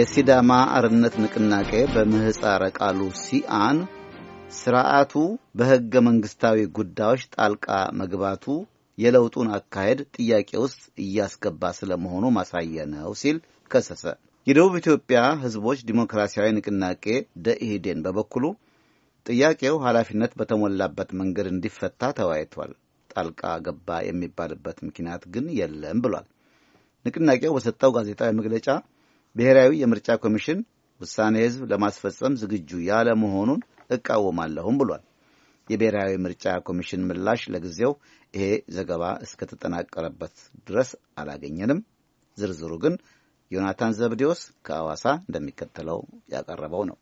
የሲዳማ አርነት ንቅናቄ በምህፃረ ቃሉ ሲአን ስርዓቱ በሕገ መንግሥታዊ ጉዳዮች ጣልቃ መግባቱ የለውጡን አካሄድ ጥያቄ ውስጥ እያስገባ ስለመሆኑ ማሳየ ነው ሲል ከሰሰ። የደቡብ ኢትዮጵያ ሕዝቦች ዲሞክራሲያዊ ንቅናቄ ደኢህዴን በበኩሉ ጥያቄው ኃላፊነት በተሞላበት መንገድ እንዲፈታ ተወያይቷል። ጣልቃ ገባ የሚባልበት ምክንያት ግን የለም ብሏል። ንቅናቄው በሰጠው ጋዜጣዊ መግለጫ ብሔራዊ የምርጫ ኮሚሽን ውሳኔ ህዝብ ለማስፈጸም ዝግጁ ያለ መሆኑን እቃወማለሁም ብሏል። የብሔራዊ ምርጫ ኮሚሽን ምላሽ ለጊዜው ይሄ ዘገባ እስከተጠናቀረበት ድረስ አላገኘንም። ዝርዝሩ ግን ዮናታን ዘብዴዎስ ከአዋሳ እንደሚከተለው ያቀረበው ነው።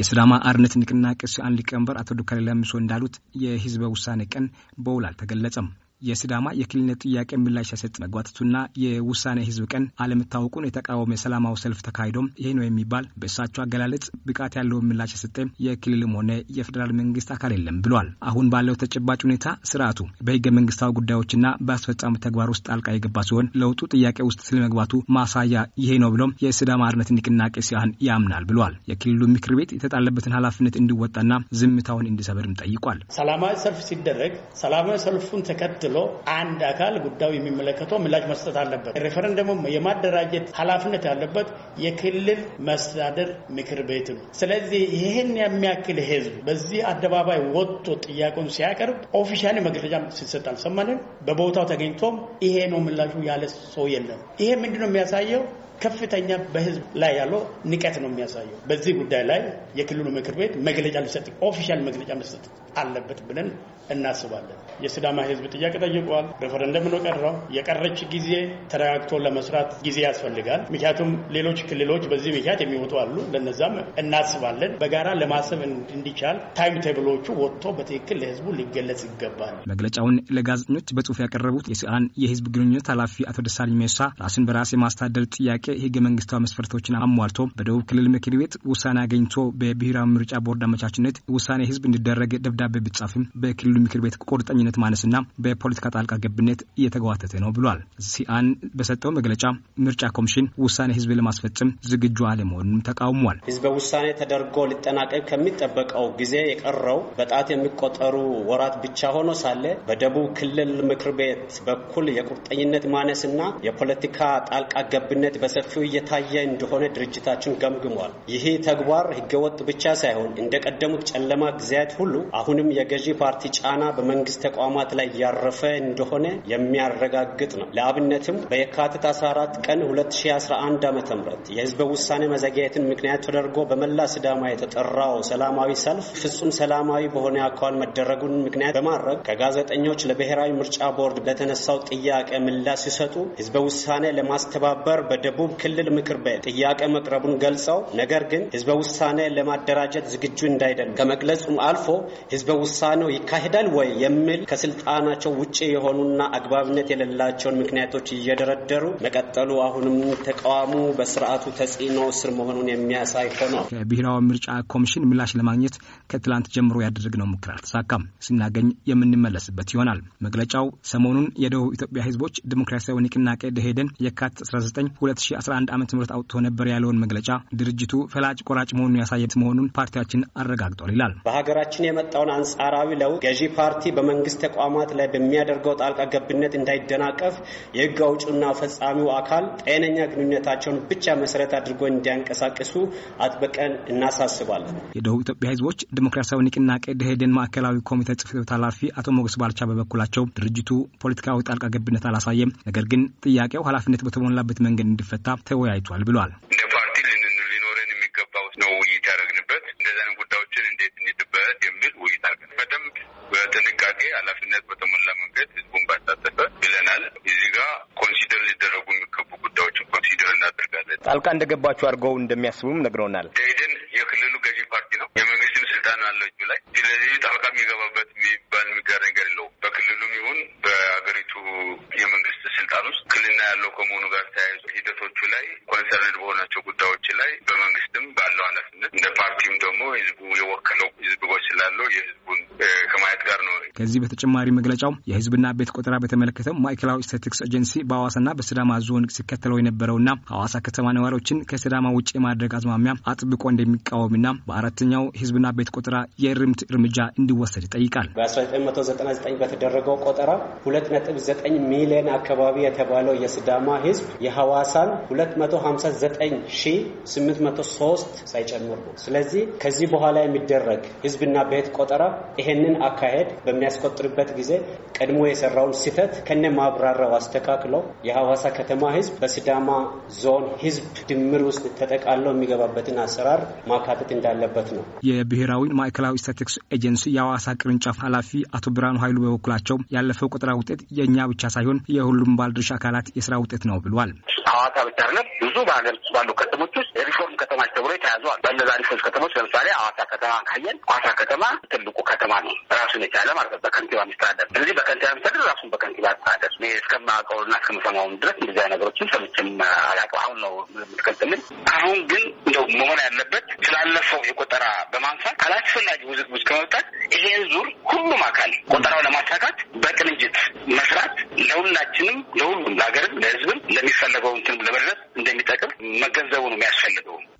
የስዳማ አርነት ንቅናቄ ሲአን ሊቀመንበር አቶ ዱካሌ ለምሶ እንዳሉት የህዝበ ውሳኔ ቀን በውል አልተገለጸም። የሲዳማ የክልልነት ጥያቄ ምላሽ ሳይሰጥ መጓተቱና የውሳኔ ህዝብ ቀን አለመታወቁን የተቃወመ የሰላማዊ ሰልፍ ተካሂዶም ይህ ነው የሚባል በእሳቸው አገላለጽ ብቃት ያለውን ምላሽ የሰጠ የክልልም ሆነ የፌዴራል መንግስት አካል የለም ብሏል። አሁን ባለው ተጨባጭ ሁኔታ ስርዓቱ በህገ መንግስታዊ ጉዳዮችና በአስፈጻሚ ተግባር ውስጥ ጣልቃ የገባ ሲሆን ለውጡ ጥያቄ ውስጥ ስለመግባቱ ማሳያ ይሄ ነው ብሎም የስዳማ አርነት ንቅናቄ ሲያህን ያምናል ብሏል። የክልሉ ምክር ቤት የተጣለበትን ኃላፊነት እንዲወጣና ዝምታውን እንዲሰበርም ጠይቋል። ሰላማዊ ሰልፍ ሲደረግ ሰላማዊ ሰልፉን ተከትሎ የሚችለው አንድ አካል ጉዳዩ የሚመለከተው ምላሽ መስጠት አለበት። ሬፈረንደሙም የማደራጀት ኃላፊነት ያለበት የክልል መስተዳደር ምክር ቤት ነው። ስለዚህ ይህን የሚያክል ህዝብ በዚህ አደባባይ ወጥቶ ጥያቄውን ሲያቀርብ ኦፊሻሊ መግለጫ ሲሰጥ አልሰማንም። በቦታው ተገኝቶም ይሄ ነው ምላሹ ያለ ሰው የለም። ይሄ ምንድነው የሚያሳየው? ከፍተኛ በህዝብ ላይ ያለው ንቀት ነው የሚያሳየው። በዚህ ጉዳይ ላይ የክልሉ ምክር ቤት መግለጫ ሊሰጥ ኦፊሻል መግለጫ መስጠት አለበት ብለን እናስባለን። የስዳማ ህዝብ ጥያቄ ጠይቋል። ሬፈረንደም ነው ቀረው። የቀረች ጊዜ ተረጋግቶ ለመስራት ጊዜ ያስፈልጋል። ምክንያቱም ሌሎች ክልሎች በዚህ ምክንያት የሚወጡ አሉ። ለነዛም እናስባለን። በጋራ ለማሰብ እንዲቻል ታይም ቴብሎቹ ወጥቶ በትክክል ለህዝቡ ሊገለጽ ይገባል። መግለጫውን ለጋዜጠኞች በጽሁፍ ያቀረቡት የስአን የህዝብ ግንኙነት ኃላፊ አቶ ደሳለኝ ሜሳ ራስን በራስ የማስተዳደር ጥያቄ ያላቸው የህገ መንግስታዊ መስፈርቶችን አሟልቶ በደቡብ ክልል ምክር ቤት ውሳኔ አገኝቶ በብሔራዊ ምርጫ ቦርድ አመቻችነት ውሳኔ ህዝብ እንዲደረግ ደብዳቤ ቢጻፍም በክልሉ ምክር ቤት ቁርጠኝነት ማነስና በፖለቲካ ጣልቃ ገብነት እየተጓተተ ነው ብሏል። ሲአን በሰጠው መግለጫ ምርጫ ኮሚሽን ውሳኔ ህዝብ ለማስፈጽም ዝግጁ አለመሆኑንም ተቃውሟል። ህዝበ ውሳኔ ተደርጎ ሊጠናቀቅ ከሚጠበቀው ጊዜ የቀረው በጣት የሚቆጠሩ ወራት ብቻ ሆኖ ሳለ በደቡብ ክልል ምክር ቤት በኩል የቁርጠኝነት ማነስና የፖለቲካ ጣልቃ ገብነት በሰ በሰፊው እየታየ እንደሆነ ድርጅታችን ገምግሟል። ይሄ ተግባር ህገወጥ ብቻ ሳይሆን እንደ ቀደሙት ጨለማ ጊዜያት ሁሉ አሁንም የገዢ ፓርቲ ጫና በመንግስት ተቋማት ላይ ያረፈ እንደሆነ የሚያረጋግጥ ነው። ለአብነትም በየካቲት 14 ቀን 2011 ዓ ም የህዝበ ውሳኔ መዘግየትን ምክንያት ተደርጎ በመላ ስዳማ የተጠራው ሰላማዊ ሰልፍ ፍጹም ሰላማዊ በሆነ አካል መደረጉን ምክንያት በማድረግ ከጋዜጠኞች ለብሔራዊ ምርጫ ቦርድ ለተነሳው ጥያቄ ምላሽ ሲሰጡ ህዝበ ውሳኔ ለማስተባበር በደቡብ የደቡብ ክልል ምክር ቤት ጥያቄ መቅረቡን ገልጸው ነገር ግን ህዝበ ውሳኔ ለማደራጀት ዝግጁ እንዳይደለም ከመግለጹም አልፎ ህዝበ ውሳኔው ይካሄዳል ወይ የሚል ከስልጣናቸው ውጭ የሆኑና አግባብነት የሌላቸውን ምክንያቶች እየደረደሩ መቀጠሉ አሁንም ተቃዋሙ በስርዓቱ ተጽዕኖ ስር መሆኑን የሚያሳይ ሆነው ከብሔራዊ ምርጫ ኮሚሽን ምላሽ ለማግኘት ከትላንት ጀምሮ ያደረግነው ሙከራ አልተሳካም። ስናገኝ የምንመለስበት ይሆናል። መግለጫው ሰሞኑን የደቡብ ኢትዮጵያ ህዝቦች ዲሞክራሲያዊ ንቅናቄ ደሄደን የካቲት 19 2011 ዓ ም አውጥቶ ነበር ያለውን መግለጫ ድርጅቱ ፈላጭ ቆራጭ መሆኑን ያሳየት መሆኑን ፓርቲያችን አረጋግጧል ይላል። በሀገራችን የመጣውን አንጻራዊ ለውጥ ገዢ ፓርቲ በመንግስት ተቋማት ላይ በሚያደርገው ጣልቃ ገብነት እንዳይደናቀፍ የህግ አውጭና ፈጻሚው አካል ጤነኛ ግንኙነታቸውን ብቻ መሰረት አድርጎ እንዲያንቀሳቅሱ አጥብቀን እናሳስባለን። የደቡብ ኢትዮጵያ ህዝቦች ዲሞክራሲያዊ ንቅናቄ ደኢህዴን ማዕከላዊ ኮሚቴ ጽሕፈት ኃላፊ አቶ ሞገስ ባልቻ በበኩላቸው ድርጅቱ ፖለቲካዊ ጣልቃ ገብነት አላሳየም፣ ነገር ግን ጥያቄው ኃላፊነት በተሞላበት መንገድ እንዲፈታ ቅርንጫፍ ተወያይቷል ብሏል። እንደ ፓርቲ ሊኖረን የሚገባው ነው ውይይት ያደረግንበት እንደዚያን ጉዳዮችን እንዴት እንሂድበት የሚል ውይይት አድርገን በደንብ በጥንቃቄ ኃላፊነት በተሞላ መንገድ ህዝቡን ባሳተፈ ብለናል። እዚህ ጋር ኮንሲደር ሊደረጉ የሚገቡ ጉዳዮችን ኮንሲደር እናደርጋለን። ጣልቃ እንደገባችሁ አድርገው እንደሚያስቡም ነግረውናል። በያዝናቸው ጉዳዮች ላይ በመንግስትም ባለው ኃላፊነት እንደ ፓርቲም ደግሞ ህዝቡ የወከለው ህዝብ ስላለው የህዝቡን ከማየት ጋር ነው። ከዚህ በተጨማሪ መግለጫው የህዝብና ቤት ቆጠራ በተመለከተው ማዕከላዊ ስታቲስቲክስ ኤጀንሲ በሐዋሳና በስዳማ ዞን ሲከተለው የነበረውና ሐዋሳ ከተማ ነዋሪዎችን ከስዳማ ውጭ የማድረግ አዝማሚያ አጥብቆ እንደሚቃወምና በአራተኛው ህዝብና ቤት ቆጠራ የእርምት እርምጃ እንዲወሰድ ይጠይቃል። በ1999 በተደረገው ቆጠራ 2.9 ሚሊዮን አካባቢ የተባለው የስዳማ ህዝብ የሐዋሳን 259803 ሳይጨምር ነው። ስለዚህ ከዚህ በኋላ የሚደረግ ህዝብና ቤት ቆጠራ ይሄ ይህንን አካሄድ በሚያስቆጥርበት ጊዜ ቀድሞ የሰራውን ስህተት ከነ ማብራሪያው አስተካክሎ የሐዋሳ ከተማ ህዝብ በሲዳማ ዞን ህዝብ ድምር ውስጥ ተጠቃለው የሚገባበትን አሰራር ማካተት እንዳለበት ነው። የብሔራዊ ማዕከላዊ ስታቲክስ ኤጀንሲ የሐዋሳ ቅርንጫፍ ኃላፊ አቶ ብርሃኑ ኃይሉ በበኩላቸው ያለፈው ቆጠራ ውጤት የእኛ ብቻ ሳይሆን የሁሉም ባለድርሻ አካላት የስራ ውጤት ነው ብሏል። ሐዋሳ ብቻ አይደለም ብዙ በሀገር ውስጥ ባሉ ከተሞች ውስጥ የሪፎርም ከተማች ተብሎ የተያዙ ሪሶች ከተሞች ለምሳሌ አዋሳ ከተማ ካየን ሐዋሳ ከተማ ትልቁ ከተማ ነው ራሱን የቻለ ማለት ነው። በከንቲባ የሚስተዳደር ስለዚህ በከንቲባ የሚስተዳደር ራሱን በከንቲባ ያስተዳደር እስከማውቀው እና እስከምሰማውም ድረስ እንደዚህ ነገሮችን ሰምቼም አላውቅም። አሁን ነው የምትቀጥልን። አሁን ግን እንደው መሆን ያለበት ስላለፈው የቆጠራ በማንሳት አላስፈላጊ ውዝግቦች ከመብጣት ይሄን ዙር ሁሉም አካል ቆጠራው ለማሳካት በቅንጅት መስራት ለሁላችንም፣ ለሁሉም፣ ለሀገርም፣ ለህዝብም ለሚፈለገው እንትን ለመድረስ እንደሚጠቅም መገንዘቡ ነው የሚያስፈልገው።